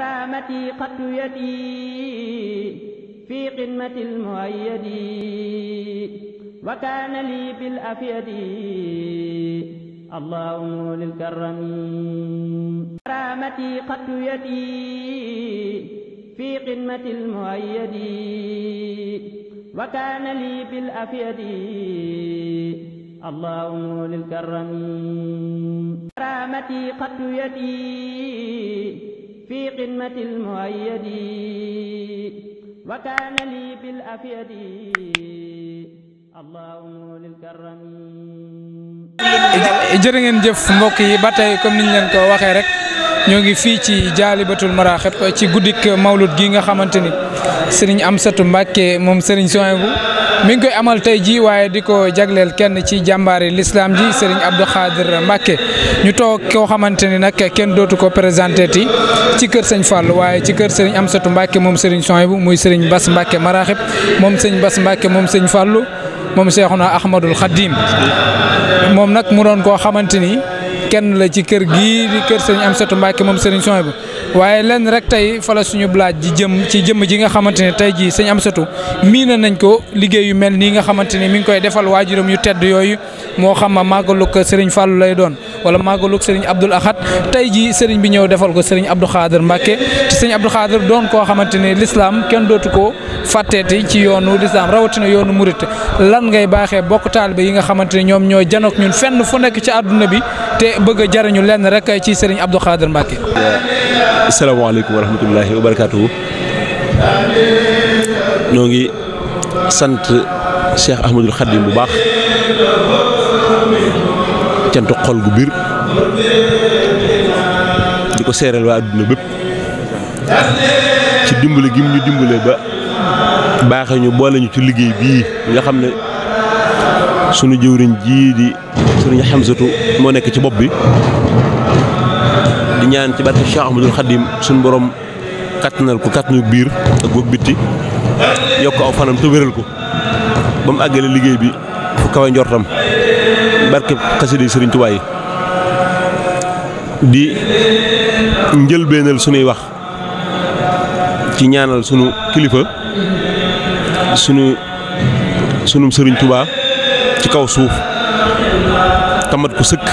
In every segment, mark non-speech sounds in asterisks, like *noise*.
كرامتي قد يدي في قمة المؤيد وكان لي بالأفيد اللهم للكرم كرامتي قد يدي في قمة المؤيد وكان لي بالأفيد اللهم للكرم كرامتي قد يدي في قمة المؤيد وكان لي بالأفيد اللهم للكرم jërë ngeen jëf mbokk yi ba tey comme niñ leen ko waxee rek ñoo ngi fii ci jaalibatul maraaxib ci guddik mawlud gii nga xamante ni sëriñ Amsatu Mbàkke moom sëriñ Sohaybu mi ngi koy amal tey jii waaye di ko jagleel kenn ci jàmbaari lislaam ji sëriñ Abdou Khadir Mbàkke ñu toog koo xamante ni nag kenn dootu ko présenté ti ci kër sëñ Fall waaye ci kër sëriñ Amsatu Mbàkke moom sëriñ Sohaybu muy sëriñ Bas Mbàkke maraaxib moom sëñ Bas Mbàkke moom sëñ Fallu moom Seexuna Ahmadul Xadim moom nag mu doon koo xamante ni kenn la ci kër gii kër sëriñ Amsatu Mbàkke moom sëriñ Soñ bu waaye lenn rek tey fa suñu blaaj ji jëm ci jëmm ji nga xamante ne tey jii sëriñ Amsatu miina nañ ko liggéey yu mel nii nga xamante ne mi ngi koy defal waajuram yu tedd yooyu moo xam ma màggalug sëriñ Fàllu lay doon wala màggalug sëriñ Abdul Ahad tey jii sëriñ bi ñëw defal ko sëriñ Abdou Khader Mbàkke te sëriñ Abdou Khader doon koo xamante ne lislaam kenn dootu ko fàtteeti ci yoonu lislaam rawatina yoonu murit lan ngay baaxee bokk taalibe yi nga xamante ne ñoom ñoo janook ñun fenn fu nekk ci àdduna bi te bëgg a jariñu lenn rek ci sëriñ Abdou Khader Mbacke. asalaamaaleykum wa rahmatullahi ñoo ngi sant Cheikh Ahmadul Khadim bu baax cant xol gu biir di ko seereel waa adduna bépp ci dimbale gim ñu dimbale ba baaxee ñu boole ñu ci liggéey bii nga xam ne. sunu jëwriñ jii di sëriñ Xamsatu moo nekk ci bopp bi di ñaan ci barke Cheikh Ahmadul Xadim sunu borom kattanal ko kattanu biir ak bopp bitti yokk aw fanam te ko ba mu àggale liggéey bi fu kawe njortam barke xasida yi sëriñ Tuubaa yi di njëlbeenal sunuy wax ci ñaanal sunu kilifa sunu sunum sëriñ Tuubaa ci kaw suuf tamat ku sëkk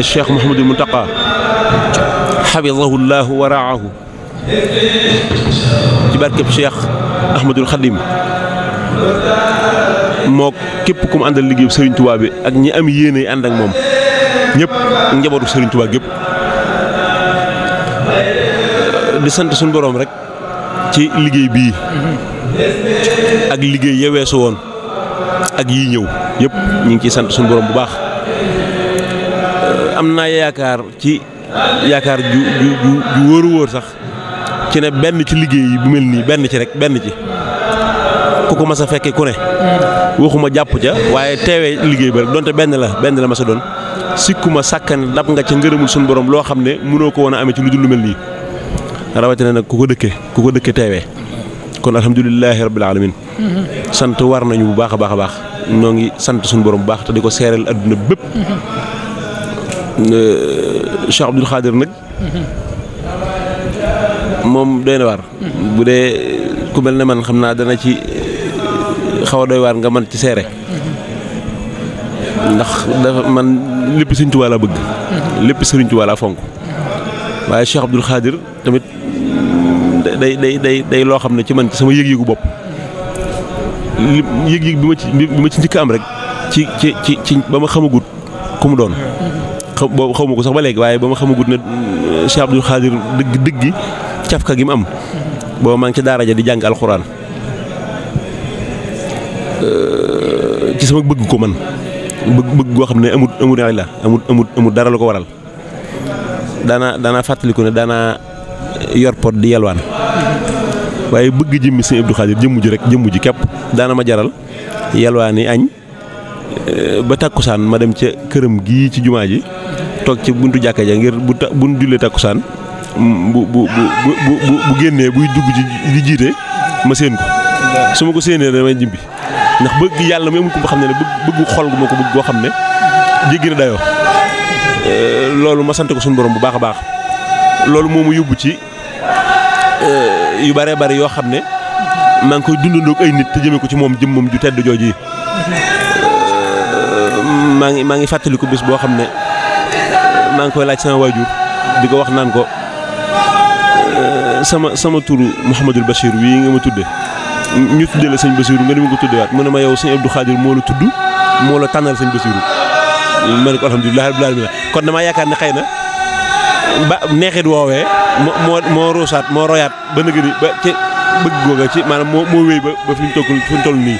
cheikh Mouhamadul Mountakha xafidahu llaahu wa raahu ci barkeb cheikh Ahmadul Xadim moo képp kum àndal liggéeyu Serigne Touba bi ak ñi am yéene ànd ak moom ñëpp njabootu Serigne Touba gépp di sant suñu boroom rek ci liggéey bii ak liggéey ya weesu woon. ak yii ñëw yépp ñu ngi ciy sant suñu borom bu baax am naa yaakaar ci yaakaar ju ju ju wóor wóor sax ci ne benn ci liggéey yi bu mel nii benn ci rek benn ci ku ko mas a fekkee ku ne. waxuma jàpp ca waaye teewee liggéey ba rek donte benn la benn la mas a doon sikkuma sàkkan dab nga ca ngërëmul sunu borom loo xam ne mënoo ko woon a amee ci lu dul mel nii rawatina nag ku ko dëkke ku ko dëkkee teewee kon alhamdulilahi rabbil alamin sant war nañu bu baax a baax a baax ñoo ngi sant suñu borom bu baax te di ko seeral adduna bépp. Euh, Cheikh Abdoul Khadir nag. moom doy na waar. bu dee ku mel ne man xam naa dana ci euh, xaw a doy waar nga man ci seere. ndax dafa man lépp Sëriñ Tuubaa laa bëgg. lépp Sëriñ Tuubaa fonk. waaye Cheikh Abdoul Khadir tamit day day day day loo xam ne ci man ci sama yëg-yëgu bopp. yëg-yëg bi ma ci bi ci njëkk am rek ci ci ci ci ba ma xamagut ku mu doon. xaw boobu xaw ko sax ba léegi waaye ba ma xamagut ne euh, Cheikh Abdoul Khadir dëgg dëgg cafka gi mu am. booba maa ngi daara ja di jàng alxuraan euh, ci sama bëgg ko man bëgg bëgg goo xam ne amut amut ay la amut amut amut dara la ko waral daanaa daanaa fàttaliku ne daana yorpot di yalwaan waaye bëgg jëmmi sëñ Abdou Khadir jëmm ji rek jëmm ji képp daana ma jaral yalwaani añ eh, ba tàkkusaan ma dem ca këram gi ci jumaa ji toog ci buntu jàkka ja ngir bu ta bu nu jullee tàkkusaan mm, bu bu bu bu génnee buy dugg di jiite ma séen ko su ma ko séenee damay jimbi ndax bëgg yàlla mu amul xam ne ne bëgg xol gu ma ko bëgg koo xam ne jéggi na dayoo eh, loolu ma sant ko suñu borom bu baax a baax loolu moo yóbbu ci Euh, yu bare bare yoo xam ne maa ngi koy dundandoog ay nit te jëme ko ci moom jëmmam ju tedd jooju yi euh, maa ngi maa ngi fàttaliku bis boo xam ne maa ngi koy laaj sama waajur di ko wax naan ko euh, sama sama turu Mouhamadul Bachir wii nga ma tudde ñu tudde la sëñ Bachir nga ni ma ko tuddewaat mu ne ma yow sëñ Abdou Khadir moo la tudd moo la tànnal sëñ Bachir ma ne ko alhamdulilah rabbil alamin kon damaa yaakaar ne xëy na. ba neexit woowee moo moo ruusaat moo royaat ba nëgg ni ba ci bëgg googa ci maanaam moo wéy ba ba fi ñu toggul fi nii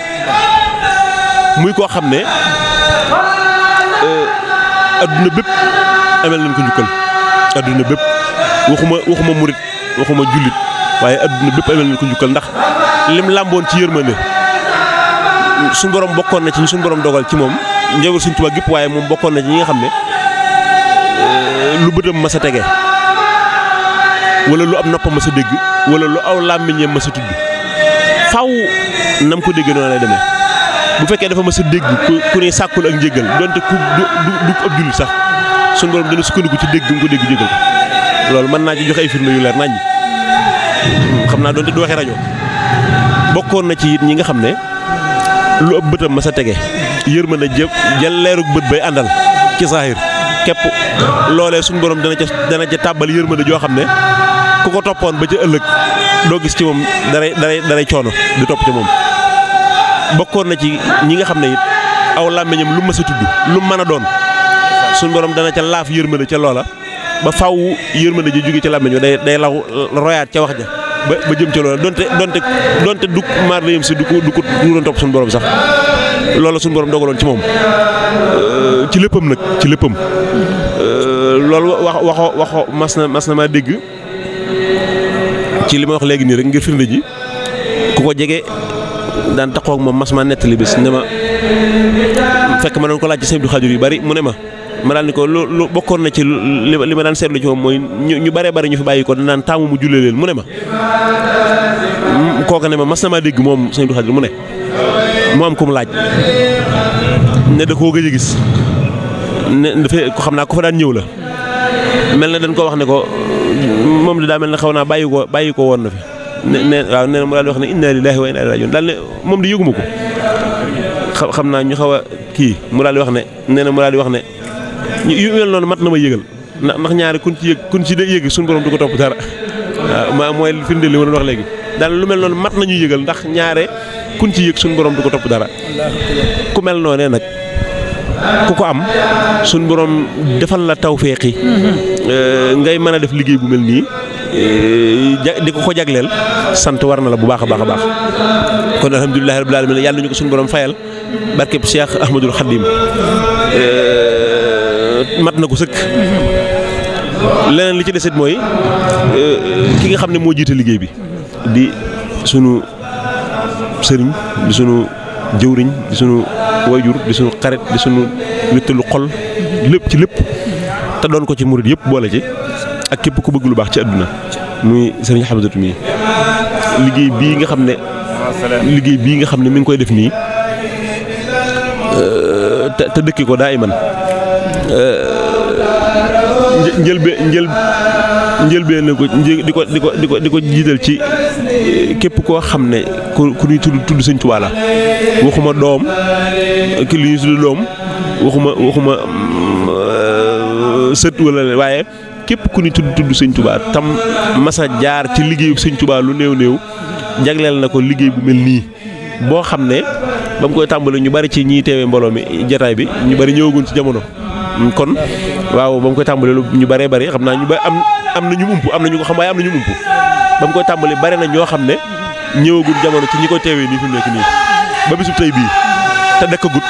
muy koo xam ne euh, adduna bépp amel nañ ko njukkal adduna bépp waxuma waxuma murit waxuma jullit waaye adduna bépp amel nañ ko njukkal ndax lim làmboon ci yërmande suñu borom bokkoon na ci ñu dogal ci moom njawul suñu Tuubaa gépp waaye moom bokkoon na ci ñi nga xam ne Euh, lu bëtam ma sa tege wala lu am noppam ma sa dégg wala lu aw làmmiñam ma sa tuddu faw nam ko dégg non lay demee bu fekkee dafa ma sa dégg ku ne sàkkul ak njëgal donte ku du du ab sax suñu borom sukkandi ko ci dégg ngi ko dégg jégal ko man na ci joxe ay yu leer nañ xamna donte du rajo bokkon na ci yit ñi nga xamné ne lu ëpp bëtam ma sa tege yërmande jël bay andal ci zahir képp loolee suñu borom dana ca dana ca tàbbal yërmande joo xam ne ku ko toppoon ba ca ëllëg doo gis ci moom daray daray coono du topp ci moom bokkoon na ci ñi nga xam ne it aw làmmiñam lu mës a tudd lu mën a doon suñ borom dana ca laaf yërmande ca loola ba faw yërmande ji jóge ca làmmiñ day day law royaat ca wax ja ba ba jëm ca loola donte donte donte du maar la yëm si du ko du ko doon topp suñu borom sax loolu la suñu borom dogaloon ci moom euh, ci léppam nag ci léppam euh, loolu wax waxo waxo mas na mas na maa dégg ci li ma wax léegi nii rek ngir firnde ji ku ko jege daan moom mas li bis ne ma fekk ma doon ko laaj ci sëñ du yu bari mu ne ma ma daal ni ko lu lu bokkoon na ci li ma daan seetlu ci moom mooy ñu ñu bare bare ñu fi bàyyi ko taamu mu julle leen mu ne ma kooka ne ma mas na maa dégg moom mu am ko mu laaj ne da koo gëj a gis ne dafay xam naa ko fa daan ñëw la mel na dañ ko wax ne ko moom di daa mel ne xaw naa bàyyi ko ko woon na fi ne ne waaw nee mu daal di wax ne inna lillahi wa inna moom di yëguma ko xam naa ñu xaw a kii mu daal wax ne nee na mu daal wax ne yu mel noonu mat na ma yëgal ndax ñaari kun ci yëg kun ci yëg suñu borom du ko topp dara *laughs* waaw mooy firnde li ma doon wax léegi daal lu mel noonu mat nañu yëgal ndax ñaare kun ci yëg suñu borom du ko topp dara ku mel noonee nag ku ko am suñu borom defal la tawféexi euh, ngay mën a def liggéey bu mel nii euh, di ko ko jagleel sant war na la bu baax a baax a baax kon alhamdulilahi rabbil alamin yàlla ñu ko suñu borom fayal barkeb Cheikh Ahmadul Xadim euh, mat na ko sëkk leneen li ci desit mooy ki nga xam ne moo jiite liggéey bi di sunu sëriñ di sunu jëwriñ di sunu wayjur di sunu xarit di sunu wéttalu xol lépp ci lépp te doon ko ci murit yëpp boole ci ak képp ku bëgg lu baax ci àdduna muy sëriñ Hamzatou mii liggéey bii nga xam ne liggéey bii nga xam ne mi ngi koy def nii euh, te dëkki ko daa iman euh, njëlbee njël njëlbee na ko di ko di ko di ko di ko jiital ci képp koo xam ne ku ku tudd tudd Sëñ Tuubaa waxuma doom ki li ñuy tudd doom waxuma waxuma euh, sët wala waaye képp ku ñuy tudd tudd Sëñ Tuubaa tam masa jaar ci liggéeyu Sëñ tubaal lu néew néew jagleel na ko liggéey bu mel nii boo xam ne ba mu koy tàmbali ñu bari ci ñiy teewee mbooloo mi jataay bi ñu bari ñëwagun ci jamono kon waaw ba mu koy tàmbalee lu ñu bëree bëri xam naa ñu ba am am na ñu ump am na ñu ko xam waaye am na ñu ump ba mu koy tàmbalee bare na ñoo xam ne ñëwagul jamono ci ñi ko teewee nii fi mu nekk nii ba bisub tey bii te dakkagut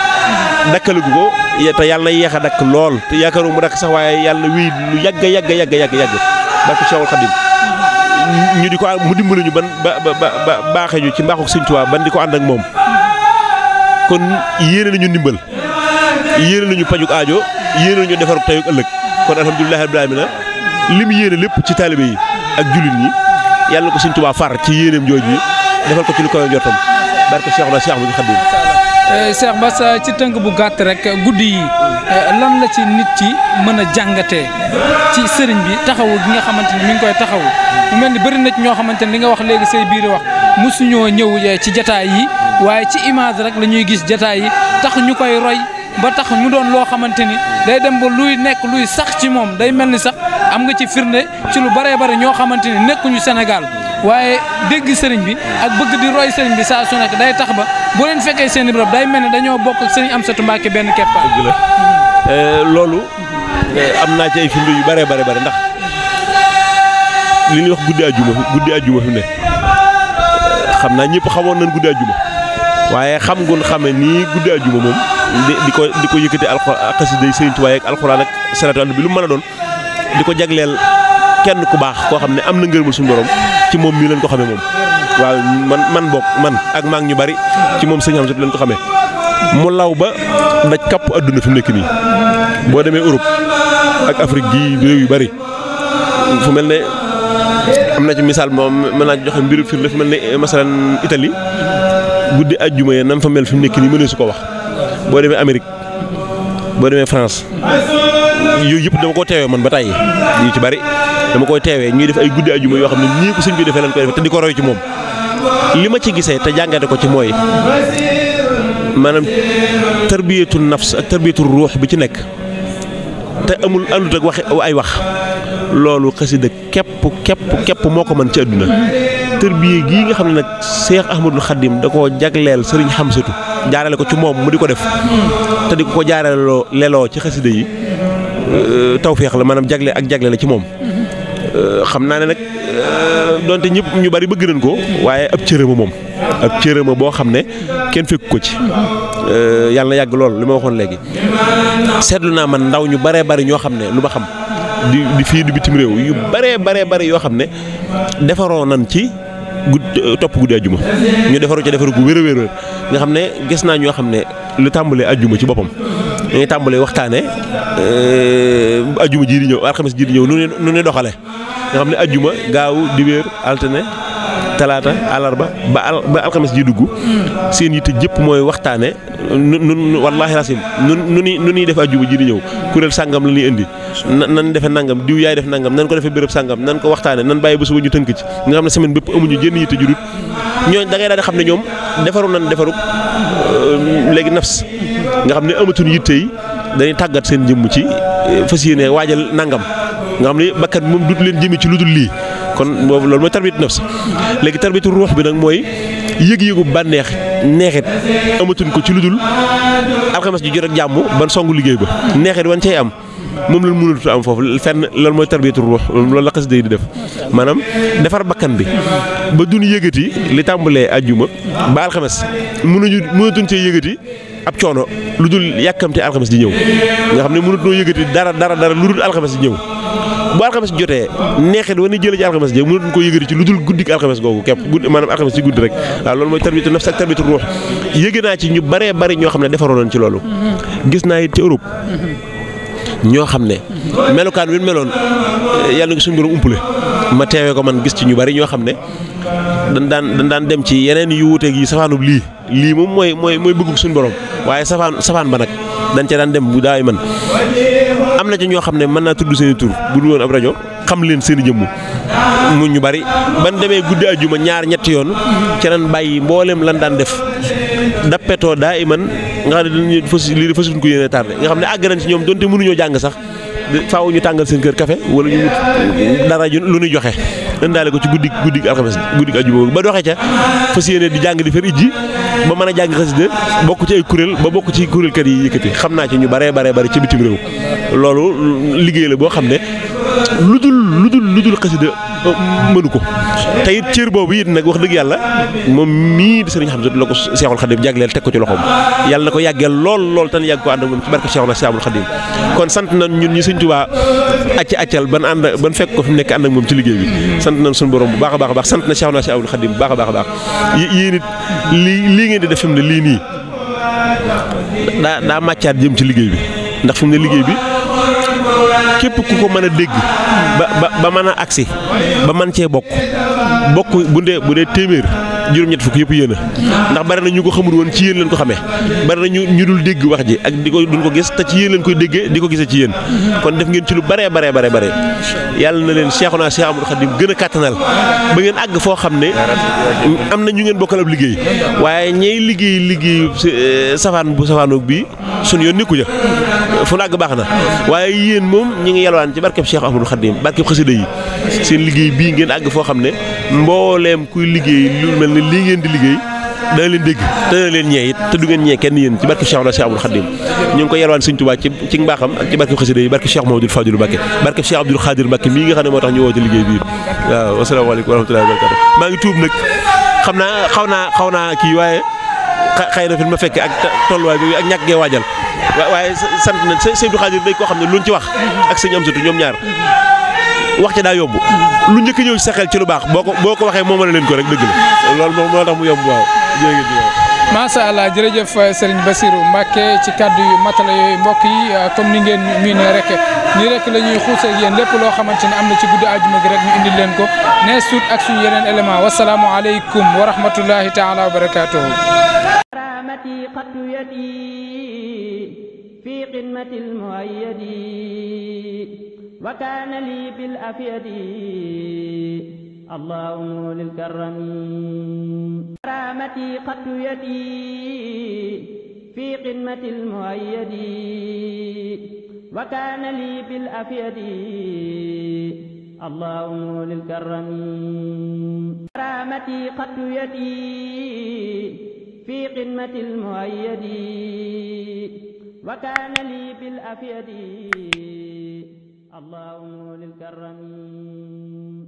dakkaligu ko te yàlla na yéex a dakk lool te yaakaaru mu dakk sax waaye yàlla na wéy lu yàgg a yàgg yàgg yàgg yàgg barke Cheikhul Khadim ñu di ko mu dimbali ñu ban ba ba ci mbaaxu Sëñ ban di ko ànd ak moom kon yéene nañu ndimbal yéene nañu pajuk aajo yéene ñu defar tey ëllëg kon alhamdulilah rabbil aalamiina lim yéene lépp ci taalibe yi ak jullit ñi yàlla ko Sëñ Tuubaa far ci yéeneem jooju defal ko ci lu koy njortam barke Cheikh na seex bu ñu Xaadim Cheikh eh, Bass ci tënk bu gàtt rek guddi yi eh, lan la ci nit ci mën a jàngatee ci sëriñ bi taxawu gi nga xamante ni mi ngi koy taxawu mu mel ni bëri na ci ñoo xamante ni nga wax léegi say biir wax mu mosuñoo ñëw eh, ci jataay yi waaye ci image rek la ñuy gis jataay yi tax ñu koy roy. ba tax mu doon loo xamante ni day dem ba luy nekk luy sax ci moom day mel ni sax am nga ci firnde ci lu baree bari ñoo xamante ni nekkuñu Sénégal waaye dégg sëriñ bi ak bëgg di roy sëriñ bi saa su day tax ba boo leen fekkee seen i bërëb day mel ni dañoo bokk ak sëriñ Amsatou Mbacké benn keppa eh, loolu eh, am naa ci ay firnde yu baree bare bare ndax li ñuy wax guddi àjjuma guddi àjjuma ne eh, xam naa ñëpp xamoon nañ guddi àjjuma waaye xam ngun xame nii guddi àjjuma moom di ko di ko yëkëti alquran xassida serigne touba ak alquran ak salatu annabi lu mëna doon diko jaglel kenn ku bax ko xamne amna ngeurmul suñu borom ci mom mi lañ ko xamé mom waaw man man bok man ak maak ñu bari ci mom serigne hamzat lañ ko xamé mu law ba daj kap aduna fi nek ni bo démé europe ak afrique gi rew yu bari fu melne amna ci misal mom man la joxe mbiru fir la melne masalan italie guddi aljuma ya nam fa mel fi nek ni mëne su ko wax boo demee Amérique boo demee France yooyu yëpp dama koo teewee man ba tey yu ci bari dama koy teewee ñuy def ay guddi ajuma yoo xam ne nii ko sëñ bi defee lan koy defee te di ko roy ci moom li ma ci gisee te jàngate ko ci mooy maanaam tarbiyatul nafs ak tarbiyatul ruux bi ci nekk te amul àndut ak wax ay wax loolu xasida képp képp képp moo ko mën ci àdduna tërbiye gii nga xam ne nag Seex Ahmadul Xadim da koo jagleel sëriñ Xamsatu jaarale ko ci moom mu di ko def te di ko jaarale loo leloo ci xasida yi euh, tawféex la maanaam jagle ak jagle la ci moom euh, xam naa ne nag euh, donte ñëpp ñu bari bëgg nañ ko waaye ab cërëma moom ab cërëma boo xam ne kenn fekk ko ci yàlla yàgg lool li ma waxoon léegi seetlu naa man ndaw ñu baree bari ñoo xam ne lu ma xam di fii di bitim réew yu baree baree bari yoo xam ne defaroo nan ci gud topp guddi ajuma ñu defaru ci defaru gu wér a wér nga xam ne gis naa ñoo xam ne lu tàmbalee ajjuma ci boppam ñu ngi tàmbalee waxtaane euh, ajjuma jii di ñëw alxames jii di ñëw nu ne nu ne doxale nga xam ne ajjuma gaaw diwéer altine talaata alarba ba al ba alxames ji dugg seen yitte jëpp mooy waxtaane nu nu wallaahi rasim nu nu nu ñuy def ajjuma ji di ñëw kuréel sàngam la ñuy indi nan nan defe nangam diw yaay def nangam nan ko defee béréb sàngam nan ko waxtaane nan bàyyi ba suba ñu tënk ci nga xam ne semaine bépp amuñu jënn yitte ju dut ñooñ da ngay daal xam ne ñoom defaru nañ defaru euh, léegi nafs nga xam ne amatuñ yitte yi dañuy tàggat seen jëmm ci euh, fas yéene waajal nangam nga xam ne bakkan moom dut leen jëmi ci lu dul lii kon boobu loolu mooy tarbiyatu nafs léegi tarbiyatu ruux bi nag mooy yëg-yëgu bànneex neexit amatuñ ko ci lu dul alxames ji jot ak jàmm ban songu liggéey ba neexit wan cay am. moom la mënatu am foofu fenn loolu mooy tarbiyatul ruux loolu la def maanaam defar bakkan bi ba duñ yëgati li tàmbalee àjjuma ba alxames mënuñu mënatuñ cee yëgati ab coono lu dul yàkkamte alxames di ñëw nga xam ne mënatuñoo yëgati dara dara dara lu dul alxames di ñëw. bu alxames jotee neexit wala jëlee ci alxames jëm mënatuñ koo yëgati ci lu dul guddik alxames googu képp guddi maanaam alxames ci guddi rek waaw loolu mooy tarbitu nafs ak tarbitu ruux yëge naa ci ñu baree bari ñoo xam ne defaroon nañ ci loolu gis naa it ci Europe ñoo xam ne melokaan wi meloon eh, yàlla ngi suñu borom umpule ma teewee ko man gis ci ñu bari ñoo xam ne dañ daan dañ daan dem ci yeneen yu wuuteeg yi safaanub lii lii moom mooy mooy mooy bëggu suñu borom waaye safaan safaan ba nag dañ ca daan dem bu daay man am na ca ñoo xam ne mën naa tudd seen tur bu dul woon ab rajo xam leen seen i jëmm mu ñu bari ban demee guddi àjjuma ñaar ñetti yoon ca daan bàyyi mboolem lan daan def dappetoo daa iman nga xam ne dañuy lii dafa suñ ko yéene xam ne àgg nañ ci ñoom donte mënuñoo jàng sax faaw ñu tàngal seen kër café wala ñu dara lu ñuy joxe indaale ko ci guddi guddi alxames guddi ajuma ba doxee ca fas yéene di jàng di fer ijji ba mën a jàng xasida bokk ci ay kuréel ba bokk ci kër yi yëkkati xam naa ci ñu bare baree bari ca bitim réew loolu liggéey la boo xam ne lu dul lu dul lu dul xasida mënu ko te it cër boobu it nag wax dëgg yàlla moom mii di sëriñ Hamza la ko Seexul Xadim jagleel teg ko ci loxoom yàlla na ko yàggeel lool lool tan yàgg ko ànd moom ci barke Seexul Seexul Xadim kon sant nañ ñun ñi sëñ Tuubaa acc accal ban ànd ban fekk ko fi mu nekk ànd ak moom ci liggéey bi sant nañ suñ borom bu baax a baax a baax sant na Seexul Seexul Xadim bu baax a baax a baax yéen it lii lii ngeen di def fi mu ne lii nii daa daa màccaat jëm ci liggéey bi ndax fi ne liggéey bi képp ku ko mën a dégg ba ba ba mën a agsi ba man cee bokk bokk bu dee bu dee téeméer juróom-ñett fukk yëpp yéen ndax bari na ñu ko xamul woon ci yéen leen ko xamee bari na ñu ñu dul dégg wax ji ak di ko duñ ko gis te ci yéen leen koy déggee di ko gisee ci yéen kon def ngeen ci lu baree baree bare bare yàlla na leen Seexuna Seex Ahmadu Xaadim gën a kàttanal ba ngeen àgg foo xam ne am na ñu ngeen bokkal ab liggéey waaye ñey liggéey liggéey euh, safaan bu safaanoog bi suñu yoon nekku fu nag baax na waaye yéen moom ñi ngi yalwaan ci barkeb Cheikh Ahmadou Khadim barkeb xasida yi seen liggéey bii ngeen àgg foo xam ne mbooleem kuy liggéey lu mel ne lii ngeen di liggéey dana leen dégg te dana leen ñee it te du ngeen ñee kenn yéen ci barke Cheikh Cheikh Abdoul Khadim ñu ngi ko yelwaan Sëñ Tuubaa ci ci mbaaxam ak ci barke xasida yi barke Cheikh Mamadou Fadilou Mbacké barke Cheikh Abdoul Khadir Mbacké mii nga xam ne moo tax ñu woote liggéey naa xaw naa xëy na fi ma fekkee ak tolluwaay bi ak ñàkk gee waajal waaye sant nañ sëñ Abdou Khadir day koo xam ne lu ñu ci wax ak sëñ Amsatu ñoom ñaar wax ci daa yomb lu jëkk ñëw ci sa ci lu baax boo ko boo ko waxee moomal leen ko rek dëgg la loolu moom moo tax mu yomb waaw macha allah jërëjëf euh, Serigne Bassirou Mbacke ci kaddu yu matala yooyu mbokk yi euh, comme ni ngeen miinee rek nii rek la ñuy xuus ak yéen lépp loo xamante ne am na ci guddi àjjuma gi rek ñu indil leen ko nees tuut ak suñu yeneen élément wasalaamualeykum wa rahmatullahi taala wa barakaatuhu ساعتي قد يدي في قمة المؤيد وكان لي بالأفيد اللهم للكرم كرامتي قد يدي في قمة المؤيد وكان لي بالأفيد اللهم للكرم كرامتي قد يدي في قمة المؤيد وكان لي بالأفيد اللهم للكرم